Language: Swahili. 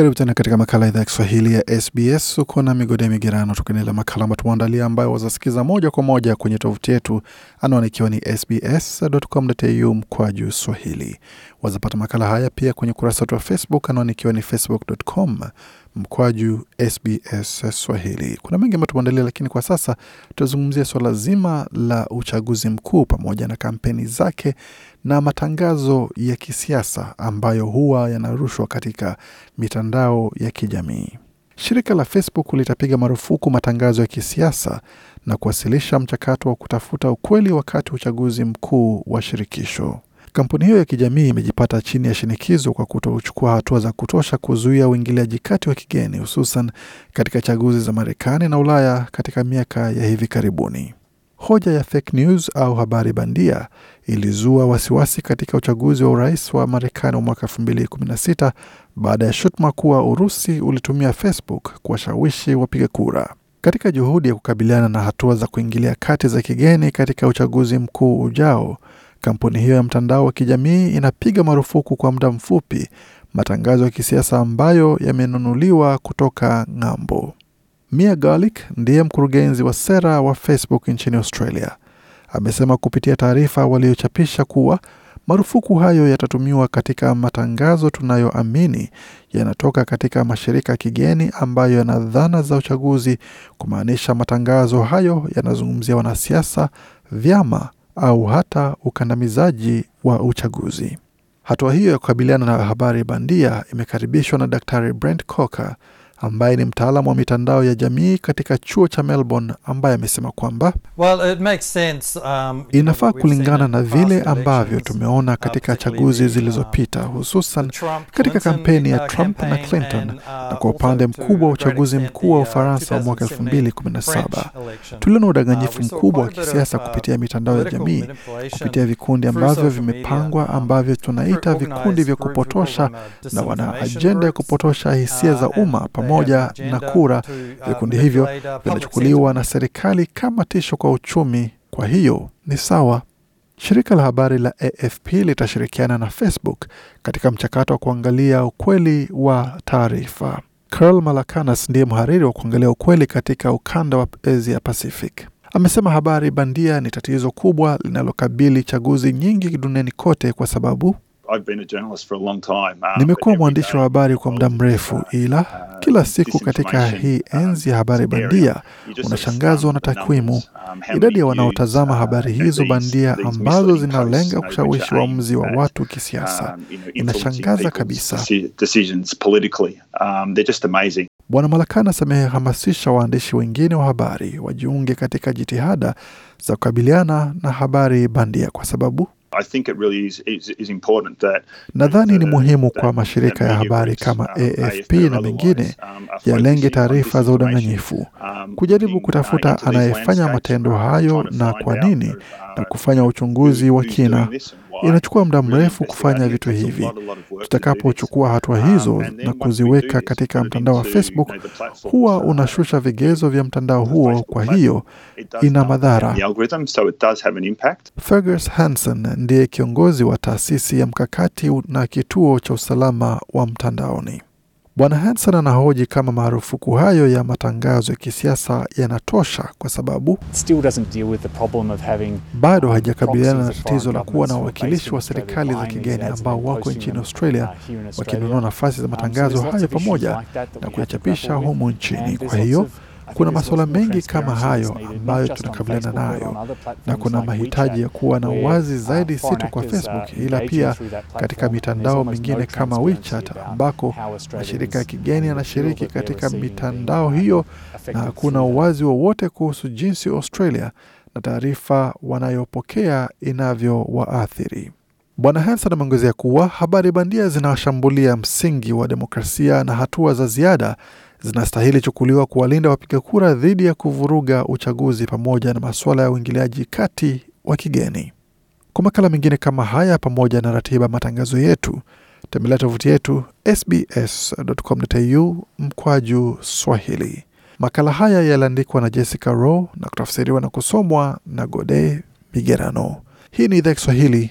Karibu tena katika makala idhaa ya Kiswahili ya SBS. Uko na migode ya migerano, tukiendelea makala ambayo tumeandalia, ambayo wazasikiza moja kwa moja kwenye tovuti yetu, anwani ikiwa ni sbs.com.au juu swahili. Wazapata makala haya pia kwenye ukurasa wetu wa Facebook, anwani ikiwa ni facebook.com mkwaju SBS Swahili. Kuna mengi ambayo tumeandalia, lakini kwa sasa tutazungumzia swala zima la uchaguzi mkuu pamoja na kampeni zake na matangazo ya kisiasa ambayo huwa yanarushwa katika mitandao ya kijamii. Shirika la Facebook litapiga marufuku matangazo ya kisiasa na kuwasilisha mchakato wa kutafuta ukweli wakati uchaguzi mkuu wa shirikisho. Kampuni hiyo ya kijamii imejipata chini ya shinikizo kwa kutochukua hatua za kutosha kuzuia uingiliaji kati wa kigeni, hususan katika chaguzi za Marekani na Ulaya katika miaka ya hivi karibuni. Hoja ya fake news au habari bandia ilizua wasiwasi katika uchaguzi wa urais wa Marekani wa mwaka 2016 baada ya shutuma kuwa Urusi ulitumia Facebook kuwashawishi wapiga kura. Katika juhudi ya kukabiliana na hatua za kuingilia kati za kigeni katika uchaguzi mkuu ujao, Kampuni hiyo ya mtandao wa kijamii inapiga marufuku kwa muda mfupi matangazo ya kisiasa ambayo yamenunuliwa kutoka ng'ambo. Mia Garlick ndiye mkurugenzi wa sera wa Facebook nchini Australia. Amesema kupitia taarifa waliochapisha kuwa marufuku hayo yatatumiwa katika matangazo tunayoamini yanatoka katika mashirika ya kigeni ambayo yana dhana za uchaguzi, kumaanisha matangazo hayo yanazungumzia wanasiasa, vyama au hata ukandamizaji wa uchaguzi. Hatua hiyo ya kukabiliana na habari bandia imekaribishwa na Daktari Brent Coker ambaye ni mtaalamu wa mitandao ya jamii katika chuo cha Melbourne, ambaye amesema kwamba well, it makes sense, um, inafaa kulingana na vile ambavyo tumeona katika chaguzi uh, zilizopita, hususan katika kampeni ya uh, Trump na Clinton, uh, na kwa upande mkubwa wa uchaguzi mkuu wa Ufaransa wa mwaka 2017 tuliona udanganyifu mkubwa wa kisiasa kupitia mitandao ya jamii, kupitia vikundi ambavyo vimepangwa, um, ambavyo tunaita vikundi vya kupotosha na wana ajenda ya kupotosha hisia za umma pamoja na kura uh, vikundi hivyo vinachukuliwa na serikali kama tisho kwa uchumi, kwa hiyo ni sawa. Shirika la habari la AFP litashirikiana na Facebook katika mchakato wa kuangalia ukweli wa taarifa. Karl Malakanas ndiye mhariri wa kuangalia ukweli katika ukanda wa Asia Pacific. Amesema habari bandia ni tatizo kubwa linalokabili chaguzi nyingi duniani kote kwa sababu Uh, nimekuwa mwandishi wa habari kwa muda mrefu, uh, ila uh, kila siku katika hii enzi ya habari bandia unashangazwa na takwimu, um, idadi ya wanaotazama habari hizo bandia ambazo zinalenga kushawishi uamuzi wa watu kisiasa. Um, Inashangaza kabisa. Um, Bwana Malakanas amehamasisha waandishi wengine wa habari wajiunge katika jitihada za kukabiliana na habari bandia kwa sababu Nadhani ni muhimu uh, kwa mashirika ya habari kama um, AFP na mengine um, yalenge taarifa za udanganyifu, um, kujaribu uh, kutafuta anayefanya matendo hayo na kwa nini, na uh, kufanya uchunguzi wa kina. Inachukua muda mrefu kufanya vitu hivi. Tutakapochukua hatua um, hizo na kuziweka katika mtandao wa Facebook, huwa unashusha vigezo vya mtandao huo, kwa hiyo ina madhara. Fergus Hanson ndiye kiongozi wa taasisi ya mkakati na kituo cha usalama wa mtandaoni. Bwana Hansen anahoji kama marufuku hayo ya matangazo ya kisiasa yanatosha kwa sababu bado hajakabiliana na tatizo la kuwa na wawakilishi wa serikali za kigeni ambao wako nchini Australia wakinunua nafasi za um, matangazo hayo pamoja na kuyachapisha humu nchini. Kwa hiyo kuna masuala mengi kama hayo ambayo tunakabiliana nayo, na kuna mahitaji ya kuwa na uwazi zaidi, si tu kwa uh, Facebook ila pia katika mitandao mingine kama WeChat, ambako mashirika ya kigeni yanashiriki katika mitandao uh, hiyo, na hakuna uwazi wowote kuhusu jinsi Australia na taarifa wanayopokea inavyowaathiri. Bwana Hanson ameongezea kuwa habari bandia zinawashambulia msingi wa demokrasia na hatua za ziada zinastahili chukuliwa kuwalinda wapiga kura dhidi ya kuvuruga uchaguzi pamoja na masuala ya uingiliaji kati wa kigeni. Kwa makala mengine kama haya pamoja na ratiba matangazo yetu, tembelea tovuti yetu sbs.com.au mkwaju Swahili. Makala haya yaliandikwa na Jessica Rowe na kutafsiriwa na kusomwa na Gode Migerano. Hii ni idhaa Kiswahili